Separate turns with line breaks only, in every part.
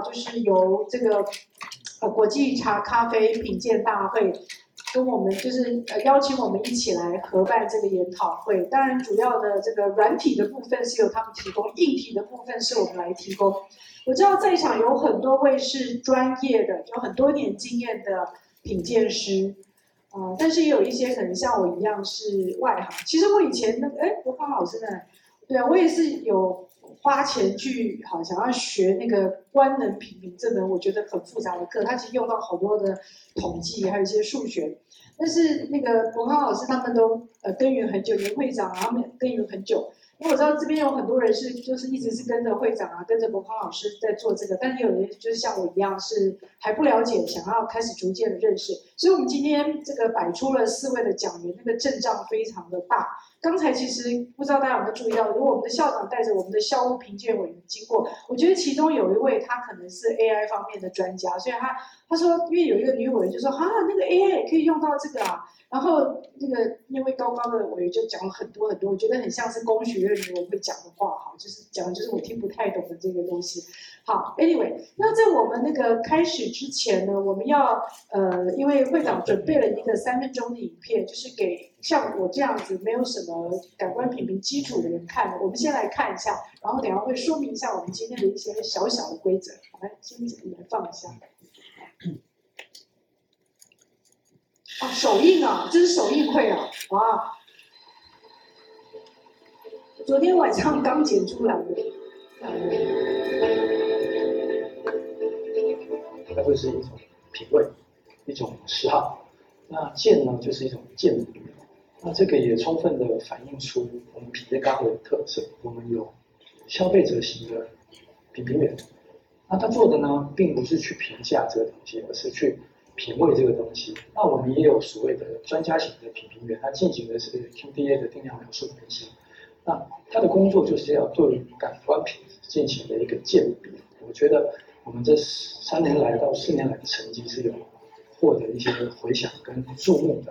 就是由這個國際茶咖啡品鑑大會跟我們，就是邀請我們一起來合辦這個研討會。當然，主要的這個軟體的部分是由他們提供，硬體的部分是我們來提供。我知道在場有很多位是專業的，有很多年經驗的品鑑師，呃，但是也有一些可能像我一樣是外行。其實我以前那個，哎，羅方老師呢，對啊，我也是有。花錢去好想要學那個官能品評，這門我覺得很複雜的課，它其實用到好多的統計，還有一些數學。但是那個伯康老師，他們都呃耕耘很久，連會長他們耕耘很久。因為我知道這邊有很多人是就是一直是跟着會長啊，跟着伯康老師在做這個，但是有人就是像我一樣是還不了解，想要開始逐漸的認識。所以我們今天這個擺出了四位的講員，那個陣仗非常的大。剛才其實不知道大家有沒有注意到。因為我們的校長帶着我們的校務評鑑委員經過，我覺得其中有一位他可能是 AI 方面的專家，所以他他說，因為有一個女委員就說啊，那個 AI 也可以用到這個啊，然後那個那位高高的委員就講了很多很多，我覺得很像是工學院委員會講的話哈，就是講的就是我聽不太懂的這個東西。好，Anyway，那在我們那個開始之前呢，我們要呃，因為會長準備了一個三分鐘的影片，就是給。像我這樣子沒有什麼感官品評基礎的人看的。我們先來看一下，然後等下會說明一下我們今天的一些小小的規則。來，先你來放一下。 啊，
首映啊，
這是首映會啊，哇！昨天晚上剛剪出來的。那這 是一種
品味，一種嗜好。那鑑呢，就是一種鑑。那這個也充分的反映出我們品鑑咖的特色。我們有消費者型的品評，評員，那他做的呢，並不是去評價這個東西，而是去品味這個東西。那我們也有所謂的專家型的品評，評員，他進行的是 QDA 的定量描述分析。那他的工作就是要對於感官品質進行的一個鑑別。我覺得我們這三年來到四年來的成績是有獲得一些回響跟注目的。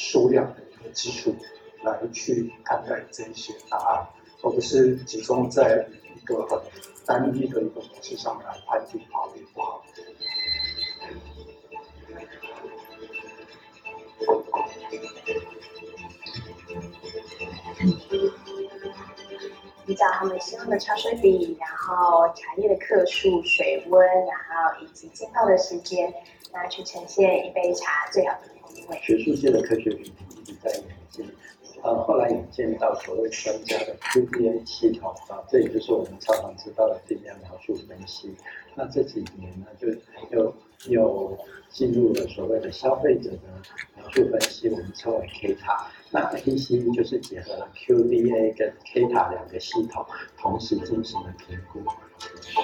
數量的一個基礎來去看待這些答案，而不是集中在一個很單一的一個模式上來判定好與不好。
比較、嗯、他們希望的茶水比，然後茶葉的克數、水溫，然後以及浸泡的時間，來去呈現一杯茶最好的。
學術界的科學評比一直在演進，呃，後來也見到所謂專家的 QDA 系統啊，這也就是我們常常知道的這些描述分析。那這幾年呢，就又又進入了所謂的消費者的描述分析，我們稱為 K 塔。那 a c 就是結合了 QDA 跟 K 塔兩個系統，同時進行了評估。嗯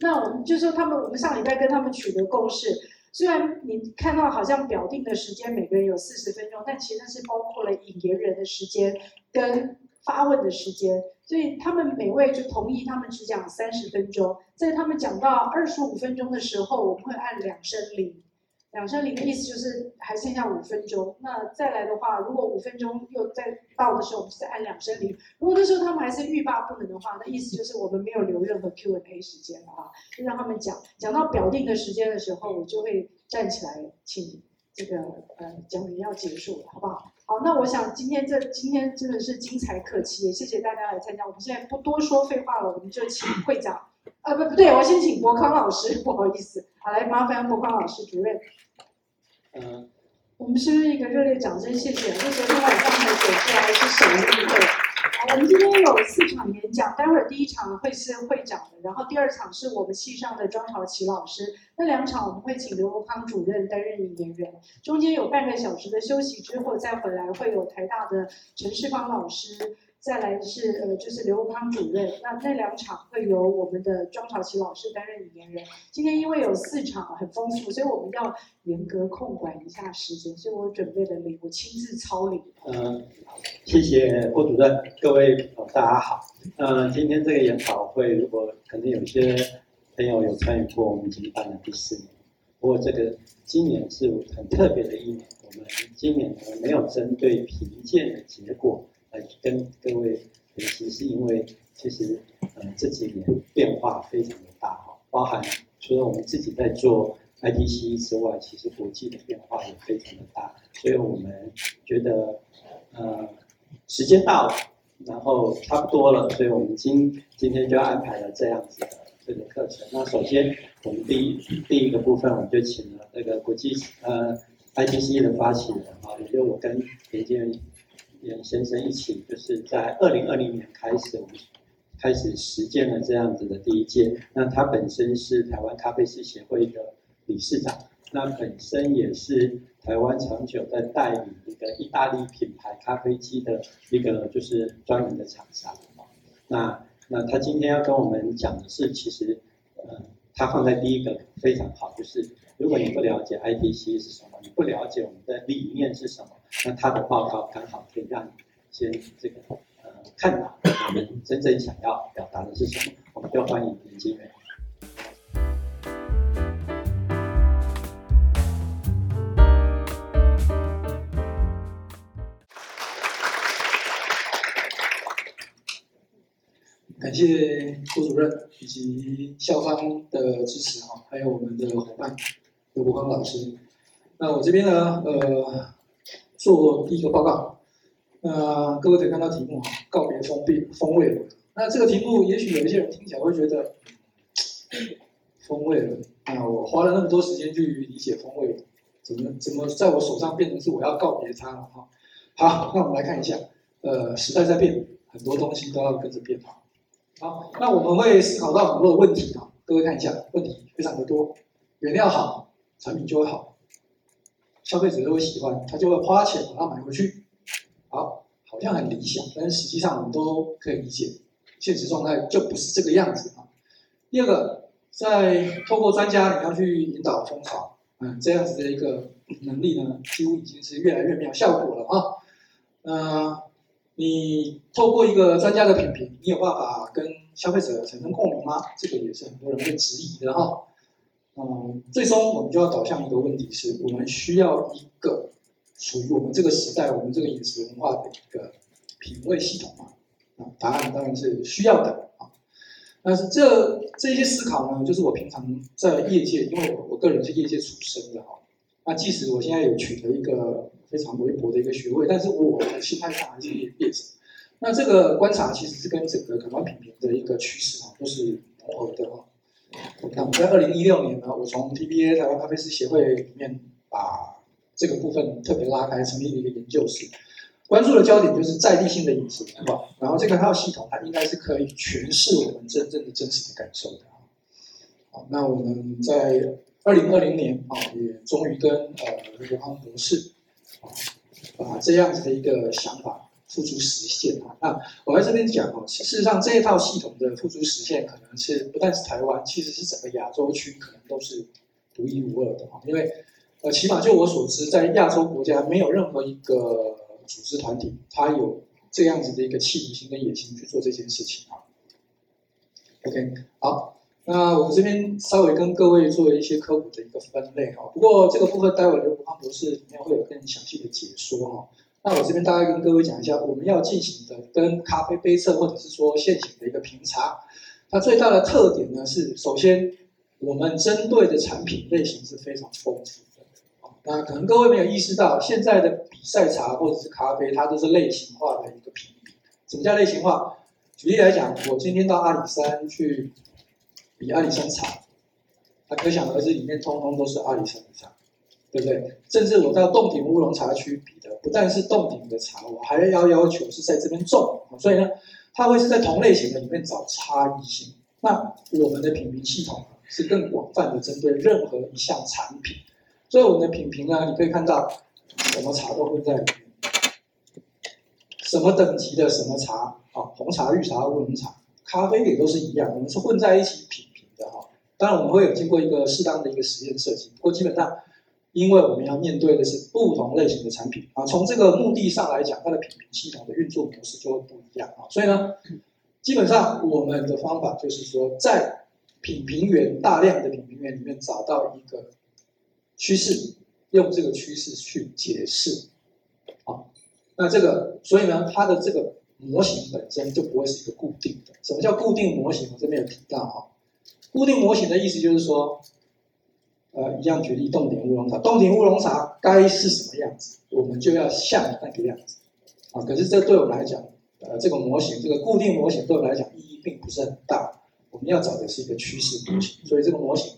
那我們就說他們，我們上禮拜跟他們取得共識。雖然你看到好像表定的時間每個人有四十分鐘，但其實是包括了引言人的時間跟發問的時間，所以他們每位就同意他們只講三十分鐘。在他們講到二十五分鐘的時候，我們會按兩聲鈴。兩聲鈴的意思就是還剩下五分鐘。那再來的話，如果五分鐘又再到的時候，我們再按兩聲鈴。如果那時候他們還是欲罷不能的話，那意思就是我們沒有留任何 Q&A 時間了啊，就讓他們講。講到表定的時間的時候，我就會站起來，請這個呃講員要結束了，好不好？好，那我想今天這今天真的是精彩可期，也謝謝大家來參加。我們現在不多說廢話了，我們就請會長。啊，不不對，我先請伯康老師，不好意思，好，來麻煩伯康老師主任。嗯，我們先用一個熱烈掌聲謝謝，因為昨天晚上才走出來是什麼聚會？好，我們今天有四場演講，待會兒第一場會是會長的，然後第二場是我們系上的莊朝琪老師，那兩場我們會請劉伯康主任擔任演員，中間有半個小時的休息之後再回來會有台大的陳世芳老師。再來是呃，就是劉伯康主任。那那兩場會由我們的莊朝琪老師擔任引言人。今天因為有四場很豐富，所以我們要嚴格控管一下時間，所以我準備了禮，我親自操禮、嗯、
謝謝郭主任，各位、哦、大家好。呃、嗯，今天這個研討會，如果肯定有些朋友有參與過，我們已經辦了第四年。不過這個今年是很特別的一年，我們今年沒有針對評鑑的結果。跟各位，其實是因為其實呃這幾年變化非常的大哈，包含除了我們自己在做 ITCE 之外，其實國際的變化也非常的大，所以我們覺得呃時間到了，然後差不多了，所以我們今今天就安排了這樣子的這個課程。那首先我們第一第一個部分，我們就請了那個國際呃 ITCE 的發起人啊，也、呃、就是我跟田靜，顏先生一起，就是在二零二零年開始，我們開始實踐了這樣子的第一屆。那他本身是台灣咖啡師協會的理事長，那本身也是台灣長久在代理一個意大利品牌咖啡機的一個就是專門的廠商。那那他今天要跟我們講的是，其實呃，他放在第一個非常好，就是如果你不了解 ITC 是什麼，你不了解我們的理念是什麼，那他的報告剛好可以讓你先這個呃看到我們真正想要表達的是什麼。我們又歡迎你的輕人。
感謝郭主任以及校方的支持哈，還有我們的夥伴劉伯康老師。那我這邊呢，呃。做一個報告，呃，各位可以看到題目啊，告別封閉風味輪了。那這個題目也許有一些人聽起來會覺得，風味啊，我花了那麼多時間去理解風味，怎麼怎麼在我手上變成是我要告別它了哈？好，那我們來看一下，呃，時代在變，很多東西都要跟着變化。好，那我們會思考到很多的問題啊，各位看一下，問題非常的多。原料好，產品就會好。消費者都會喜歡，他就會花錢把它買回去。好，好像很理想，但實際上我們都可以理解，現實狀態就不是這個樣子啊。第二個，在透過專家你要去引導風潮，嗯，這樣子的一個能力呢，幾乎已經是越來越沒有效果了啊。嗯、呃，你透過一個專家的品評，你有辦法跟消費者產生共鳴嗎？這個也是很多人會質疑的哈。嗯，最終我們就要導向一個問題是，是我們需要一個屬於我們這個時代、我們這個飲食文化的一個品味系統嘛。啊、嗯，答案當然是需要的啊。但是這這些思考呢，就是我平常在業界，因為我我個人是業界出身的啊。那即使我現在有取得一個非常微薄的一個學位，但是我的心態上還是業界。那這個觀察其實是跟整個感官品評的一個趨勢啊，都、就是融合的啊。嗯、那我們在二零一六年呢，我從 TBA 台灣咖啡師協會裡面把這個部分特別拉開，成立一個研究室，關注的焦點就是在地性的飲食，對、嗯、吧？嗯嗯、然後這個套系統它應該是可以詮釋我們真正的真實的感受的。好，那我們在二零二零年啊，也終於跟呃劉、那個、安博士啊，把這樣子的一個想法。付諸實現啊！那我在這邊講哦，事實上這一套系統的付諸實現，可能是不但是台灣，其實是整個亞洲區可能都是獨一無二的哈。因為，呃，起碼就我所知，在亞洲國家沒有任何一個組織團體，它有這樣子的一個企圖心跟野心去做這件事情，啊、OK，好，那我這邊稍微跟各位做一些科普的一個分類哈。不過這個部分待會劉伯康博士應該會有更詳細的解說哈、哦。那我這邊大概跟各位講一下，我們要進行的跟咖啡杯測或者是說現行的一個評茶，它最大的特點呢是，首先我們針對的產品類型是非常豐富的，哦。那可能各位沒有意識到，現在的比賽茶或者是咖啡，它都是類型化的一個品。什麼叫類型化？舉例來講，我今天到阿里山去比阿里山茶，那可想而知，裡面通通都是阿里山的茶。對不對？甚至我到凍頂烏龍茶區比的，不但是凍頂的茶，我還要要求是在這邊種。所以呢，它會是在同類型的裡面找差異性。那我們的品評系統是更廣泛的針對任何一項產品。所以我們的品評呢，你可以看到什麼茶都混在裡面，什麼等級的什麼茶啊、哦，紅茶、綠茶、烏龍茶，咖啡也都是一樣，我們是混在一起品評的哈、哦。當然我們會有經過一個適當的一個實驗設計，不過基本上。因為我們要面對的是不同類型的產品啊，從這個目的上來講，它的品評系統的運作模式就會不一樣啊，所以呢，基本上我們的方法就是說，在品評員大量的品評員裡面找到一個趨勢，用這個趨勢去解釋啊，那這個所以呢，它的這個模型本身就不會是一個固定的。什麼叫固定模型？我這邊有提到啊，固定模型的意思就是說。呃，一樣舉例，凍頂烏龍茶。凍頂烏龍茶該是什麼樣子，我們就要像那個樣子啊。可是這對我們來講，呃，這個模型，這個固定模型對我們來講意義並不是很大。我們要找的是一個趨勢模型，所以這個模型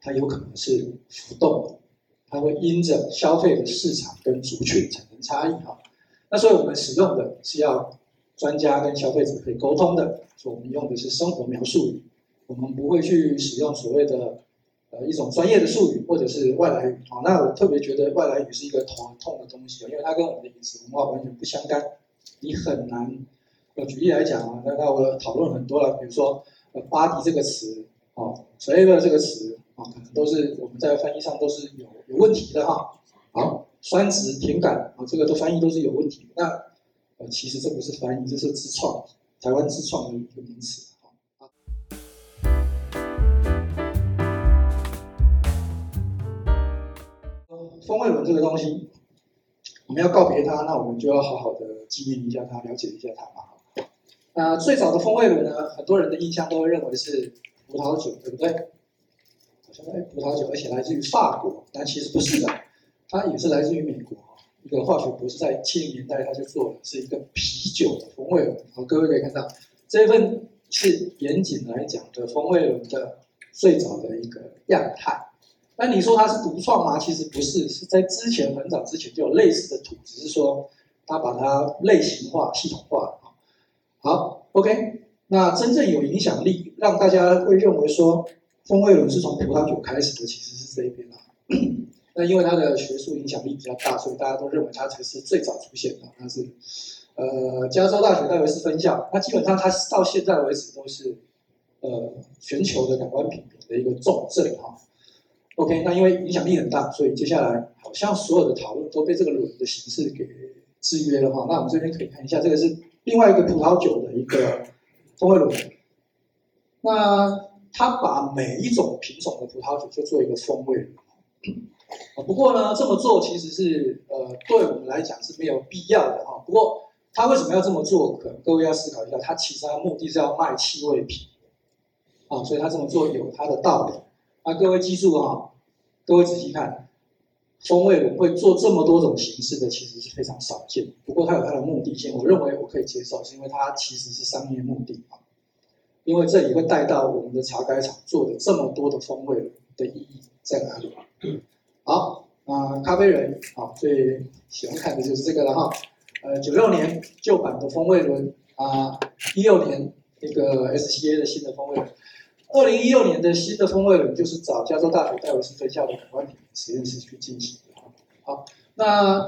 它有可能是浮動的，它會因着消費的市場跟族群產生差異啊。那所以我們使用的是要專家跟消費者可以溝通的，所以我們用的是生活描述語，我們不會去使用所謂的。呃，一種專業的術語或者是外來語哦、啊。那我特別覺得外來語是一個頭痛，痛的東西，因為它跟我們的飲食文化完全不相干，你很難。呃，舉例來講啊，那那我討論很多了，比如說“呃巴蒂”這個詞哦，所謂的這個詞啊，可能都是我們在翻譯上都是有有問題的哈。好、啊，酸質、甜感啊，這個都翻譯都是有問題。那呃，其實這不是翻譯，這是自創，台灣自創的一個名詞。風味輪這個東西，我們要告別它，那我們就要好好的紀念一下它，了解一下它吧。那最早的風味輪呢，很多人的印象都會認為是葡萄酒，對不對？我說哎，葡萄酒，而且來自於法國，但其實不是的，它也是來自於美國一個化學博士，在七零年代他就做了，是一個啤酒的風味輪。好，各位可以看到，這份是嚴謹來講的風味輪的最早的一個樣態。那你說它是獨創嗎？其實不是，是在之前很早之前就有類似的圖，只是說他把它類型化、系統化。好，OK，那真正有影響力，讓大家會認為說風味輪是從葡萄酒開始的，其實是這一邊的、啊、 那因為它的學術影響力比較大，所以大家都認為它才是最早出現的。它是呃加州大學戴維斯分校，那基本上它是到現在為止都是呃全球的感官品評的一個重鎮哈。OK，那因為影響力很大，所以接下來好像所有的討論都被這個輪的形式給制約了。話，那我們這邊可以看一下，這個是另外一個葡萄酒的一個風味輪。那他把每一種品種的葡萄酒就做一個風味。不過呢，這麼做其實是呃，對我們來講是沒有必要的哈。不過他為什麼要這麼做？可能各位要思考一下，他其實他的目的是要賣氣味品，啊，所以他這麼做有他的道理。啊，各位記住哈、啊，各位仔細看，風味輪會做這麼多種形式的，其實是非常少見。不過它有它的目的性，我認為我可以接受，是因為它其實是商業目的啊。因為這裡會帶到我們的茶改場做的這麼多的風味輪的意義在哪裡？好，啊、呃，咖啡人啊最喜歡看的就是這個了哈。呃、啊，九六年舊版的風味輪啊，一六年那個 SCA 的新的風味輪。二零一六年的新的風味輪就是找加州大學戴維斯分校的感官品評實驗室去進行的。好，那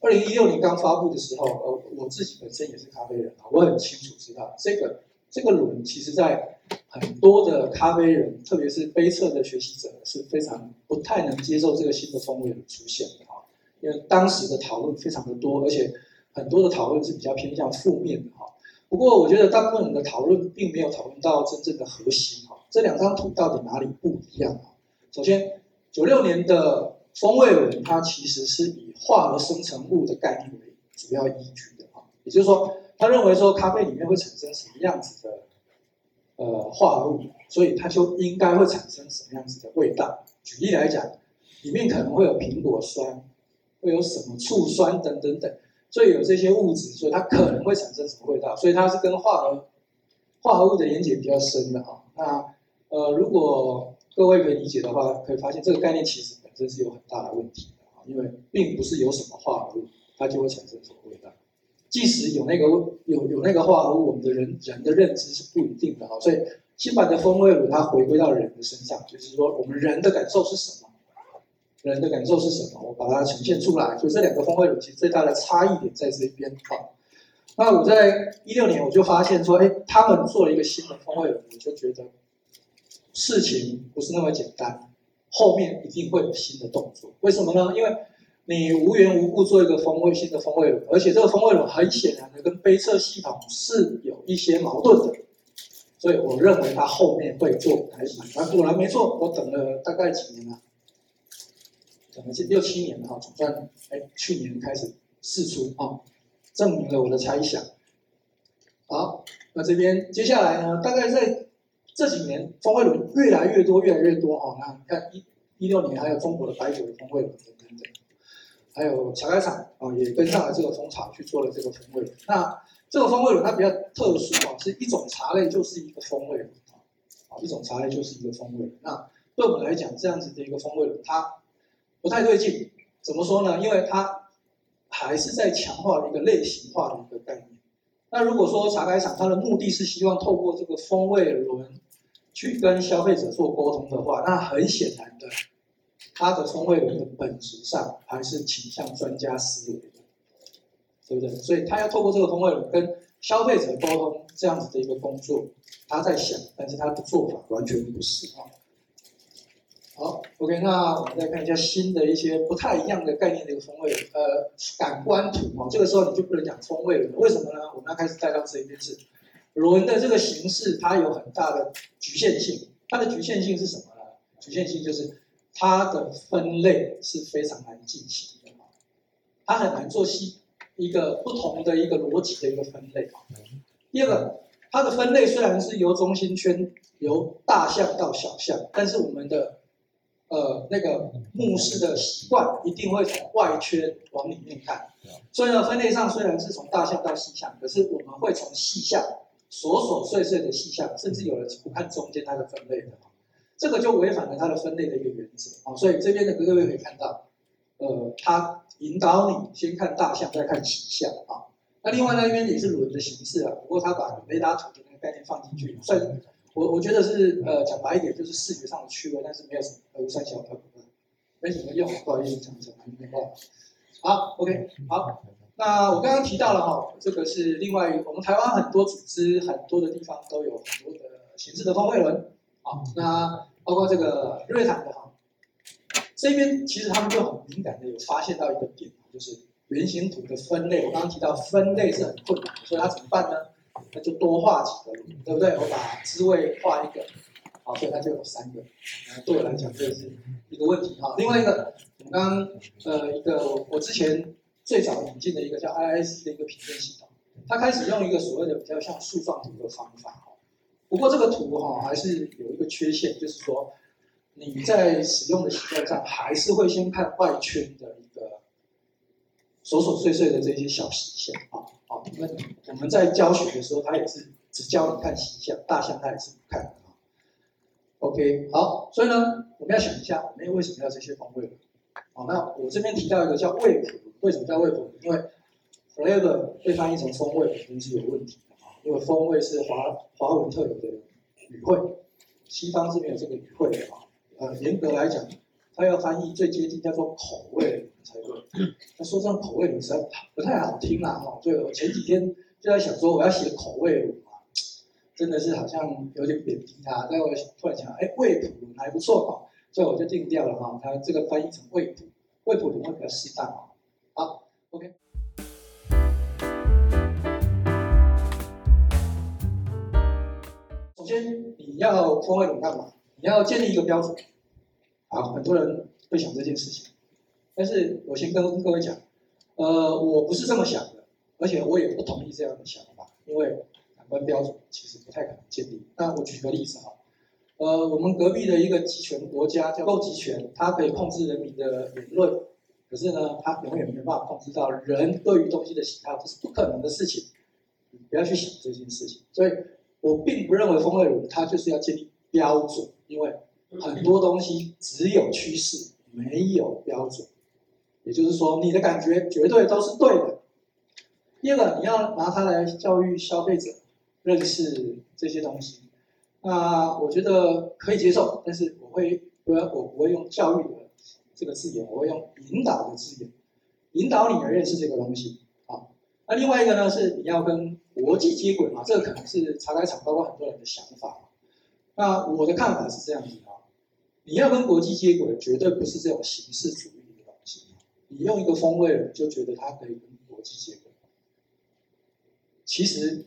二零一六年剛發佈的時候，呃，我自己本身也是咖啡人啊，我很清楚知道這個這個輪其實在很多的咖啡人，特別是杯測的學習者是非常不太能接受這個新的風味輪出現的啊，因為當時的討論非常的多，而且很多的討論是比較偏向負面的哈。不過，我覺得大部分的討論並沒有討論到真正的核心哈。這兩張圖到底哪裡不一樣啊？首先，九六年的風味輪它其實是以化合生成物的概念為主要依據的哈，也就是說，他認為說咖啡裡面會產生什麼樣子的呃化合物，所以它就應該會產生什麼樣子的味道。舉例來講，裡面可能會有蘋果酸，會有什麼醋酸等等等。所以有這些物質，所以它可能會產生什麼味道，所以它是跟化合化合物的研究比較深的啊。那呃，如果各位可以理解的話，可以發現這個概念其實本身是有很大的問題的，因為並不是有什麼化合物，它就會產生什麼味道，即使有那個有有那個化合物，我們的人人的認知是不一定的啊。所以新版的風味輪它回歸到人的身上，就是說我們人的感受是什麼。人的感受是什麼？我把它呈現出來。就這兩個風味輪，其實最大的差異點在這邊。好，那我在一六年我就發現說，哎、欸，他們做了一個新的風味輪，我就覺得事情不是那麼簡單，後面一定會有新的動作。為什麼呢？因為你無緣無故做一個風味新的風味輪，而且這個風味輪很顯然的跟杯測系統是有一些矛盾的，所以我認為它後面會做還是蠻難。果然沒錯，我等了大概幾年了。可能是六七年哈，總算哎、欸，去年開始試出啊、哦，證明了我的猜想。好，那這邊接下來呢，大概在這幾年風味輪越來越多，越來越多哈、哦。那你看一一六年還有中國的白酒的風味輪等等，還有茶改場啊也跟上了這個風潮去做了這個風味輪。那這個風味輪它比較特殊啊，是一種茶類就是一個風味，啊一種茶類就是一個風味。那對我們來講，這樣子的一個風味輪，它不太對勁，怎麼說呢？因為它還是在強化一個類型化的一個概念。那如果說茶百廠它的目的是希望透過這個風味輪去跟消費者做溝通的話，那很顯然的，它的風味輪的本質上還是傾向專家思維，對不對？所以他要透過這個風味輪跟消費者溝通這樣子的一個工作，他在想，但是他的做法完全不是啊。好。OK，那我們再看一下新的一些不太一樣的概念的一個風味，呃，感官圖哦，這個時候你就不能講風味了，為什麼呢？我們要開始帶到這一邊是輪的這個形式，它有很大的局限性，它的局限性是什麼呢？局限性就是它的分類是非常難進行的，它很難做細一個不同的一個邏輯的一個分類。第二個，它的分類雖然是由中心圈由大項到小項，但是我們的呃，那個目視的習慣一定會從外圈往裡面看，所以呢，分類上雖然是從大項到細項，可是我們會從細項，瑣瑣碎碎的細項，甚至有人不看中間它的分類的，這個就違反了它的分類的一個原則啊、哦。所以這邊的哥各位可以看到，呃，它引導你先看大項，再看細項。啊。那另外那邊也是輪的形式啊，不過它把雷達圖的那個概念放進去，算。我我覺得是，呃，講白一點，就是視覺上的趣味，但是沒有什麼。吳三小，台灣，哎，沒什麼用，不好意思，講講，不好意思，OK，好。那我剛剛提到了哈、哦，這個是另外我們台灣很多組織、很多的地方都有很多的形式的風味輪。好，那包括這個日月潭的哈，這邊其實他們就很敏感的有發現到一個點，就是圓形圖的分類。我剛剛提到分類是很困難的，所以他怎麼辦呢？那就多畫幾個，對不對？我把滋味畫一個，好，所以它就有三個。對我來講，這是一個問題哈。另外一個，我們剛剛呃，一個我之前最早引進的一個叫 IS 的一個平面系統，它開始用一個所謂的比較像樹狀圖的方法哈。不過這個圖哈，還是有一個缺陷，就是說你在使用的習慣上，還是會先看外圈的一個瑣瑣碎碎的這些小細線啊。那我們在教學的時候，他也是只教你看西向、大象他也是不看的啊。OK，好，所以呢，我們要想一下，我們為什麼要這些風味？好，那我這邊提到一個叫味譜，為什麼叫味譜？因為 flavor 被翻譯成風味，肯定是有問題的啊。因為風味是華華文特有的語彙，西方是沒有這個語彙的啊。呃，嚴格來講，它要翻譯最接近叫做口味。那說：“這口味，你實不太好聽啦，喔，哈！所以我前幾天就在想說，我要寫口味，真的是好像有點貶低他啊。但我突然想，哎，欸，味譜還不錯，吧？所以我就定調了，哈！他這個翻譯成味譜，味譜可能會比較適當，喔，哈。好，OK。首先，你要風味怎麼樣嘛？你要建立一個標準，好，很多人會想這件事情。”但是我先跟各位講，呃，我不是這麼想的，而且我也不同意這樣的想法，因為感官標準其實不太可能建立。那我舉個例子哈，呃，我們隔壁的一個集權國家叫集權，它可以控制人民的言論，可是呢，它永遠沒辦法控制到人對於東西的喜好，這是不可能的事情，不要去想這件事情。所以我並不認為風味輪它就是要建立標準，因為很多東西只有趨勢，沒有標準。也就是說，你的感覺絕對都是對的。第二個，你要拿它來教育消費者認識這些東西，那我覺得可以接受，但是我會不要，我不會用教育的這個字眼，我會用引導的字眼，引導你來認識這個東西。啊，那另外一個呢，是你要跟國際接軌嘛，這個可能是茶改場，包括很多人的想法。那我的看法是這樣子啊，你要跟國際接軌，絕對不是這種形式主義。你用一個風味，就覺得它可以跟國際接軌。其實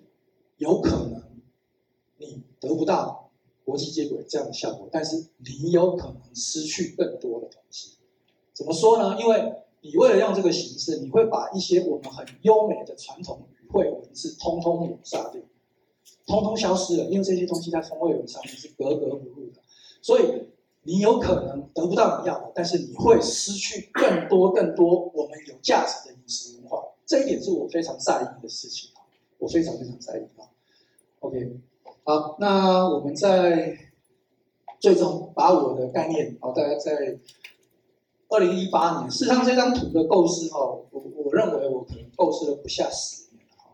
有可能你得不到國際接軌這樣的效果，但是你有可能失去更多的東西。怎麼說呢？因為你為了讓這個形式，你會把一些我們很優美的傳統語彙、文字，通通抹殺掉，通通消失了。因為這些東西在風味輪上面是格格不入的，所以。你有可能得不到你要的，但是你會失去更多更多我們有價值的飲食文化，這一點是我非常在意的事情，我非常非常在意啊。OK，好，那我們在最終把我的概念啊，大概在二零一八年，事實上這張圖的構思哈，我我認為我可能構思了不下十年了哈。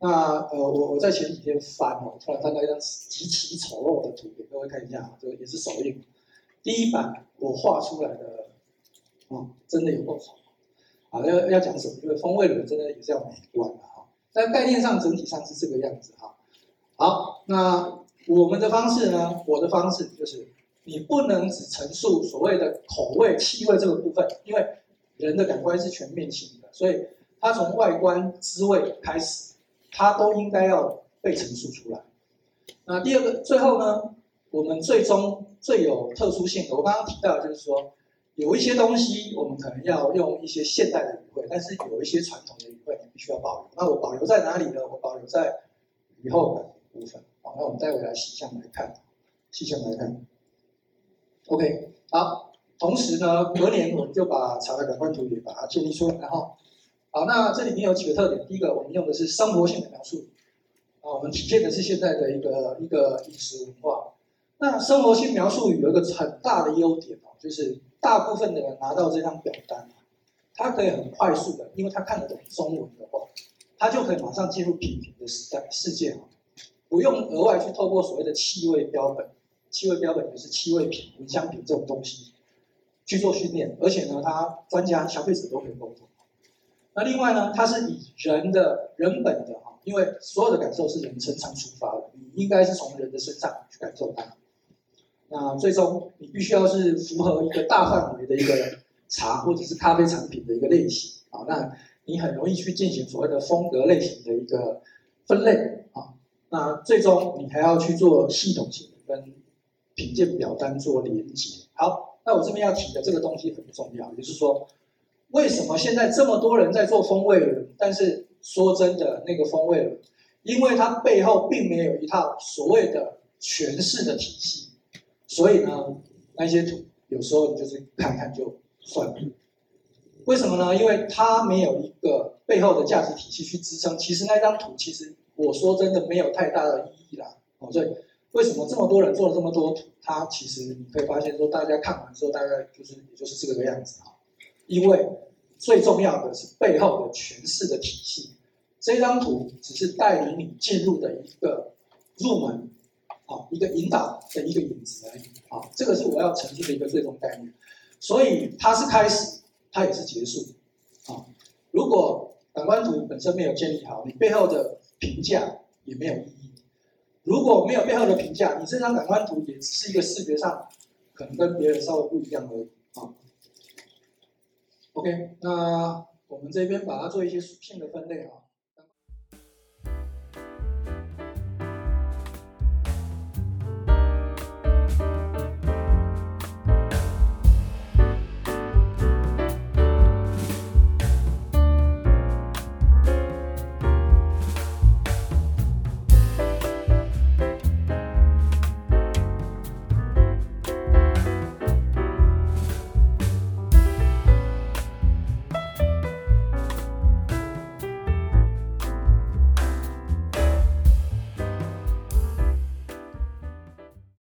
那呃，我我在前幾天翻哦，突然翻到一張極其醜陋的圖，給各位看一下，這個也是手印。第一版我畫出來的，啊、嗯，真的有夠好，啊，要要講什麼？因為風味輪真的也是要美觀的，啊、哈。但概念上整體上是這個樣子哈。好，那我們的方式呢？我的方式就是，你不能只陳述所謂的口味、氣味這個部分，因為人的感官是全面性的，所以它從外觀、滋味開始，它都應該要被陳述出來。那第二個，最後呢？我們最終最有特殊性的，我剛剛提到就是說，有一些東西我們可能要用一些現代的語彙，但是有一些傳統的語彙你必須要保留。那我保留在哪裡呢？我保留在以後的部分。好，那我們待會來細項來看，細項來看。OK，好。同時呢，隔年我們就把茶的感官圖也把它建立出來。然後，好，那這裡面有幾個特點。第一個，我們用的是生活性的描述。啊，我們體現的是現在的一個一個飲食文化。那生活性描述語有一個很大的優點哦，就是大部分的人拿到這張表單，他可以很快速的，因為他看得懂中文的話，他就可以馬上進入品評的時代世界，不用額外去透過所謂的氣味標本、氣味標本就是氣味品、聞香品這種東西去做訓練，而且呢，他專家、消費者都可以溝通。那另外呢，它是以人的人本的哈，因為所有的感受是人身上出發的，你應該是從人的身上去感受它。那最終你必須要是符合一個大範圍的一個茶或者是咖啡產品的一個類型啊，那你很容易去進行所謂的風格類型的一個分類啊。那最終你還要去做系統性跟品鑑表單做連接。好，那我這邊要提的這個東西很重要，也就是說為什麼現在這麼多人在做風味輪，但是說真的那個風味輪，因為它背後並沒有一套所謂的詮釋的體系。所以呢，那些圖有時候你就是看看就算了，為什麼呢？因為它沒有一個背後的價值體系去支撐。其實那張圖，其實我說真的沒有太大的意義啦。哦，所以為什麼這麼多人做了這麼多圖？它其實你會發現說，大家看完之後大概就是也就是這個樣子啊。因為最重要的是背後的詮釋的體系，這張圖只是帶領你進入的一個入門。啊，一個引導的一個引子而已。啊，這個是我要呈現的一個最終概念，所以它是開始，它也是結束。啊、哦，如果感官圖本身沒有建立好，你背後的評價也沒有意義。如果沒有背後的評價，你這張感官圖也只是一個視覺上，可能跟別人稍微不一樣而已。啊、哦，OK，那我們這邊把它做一些屬性的分類啊。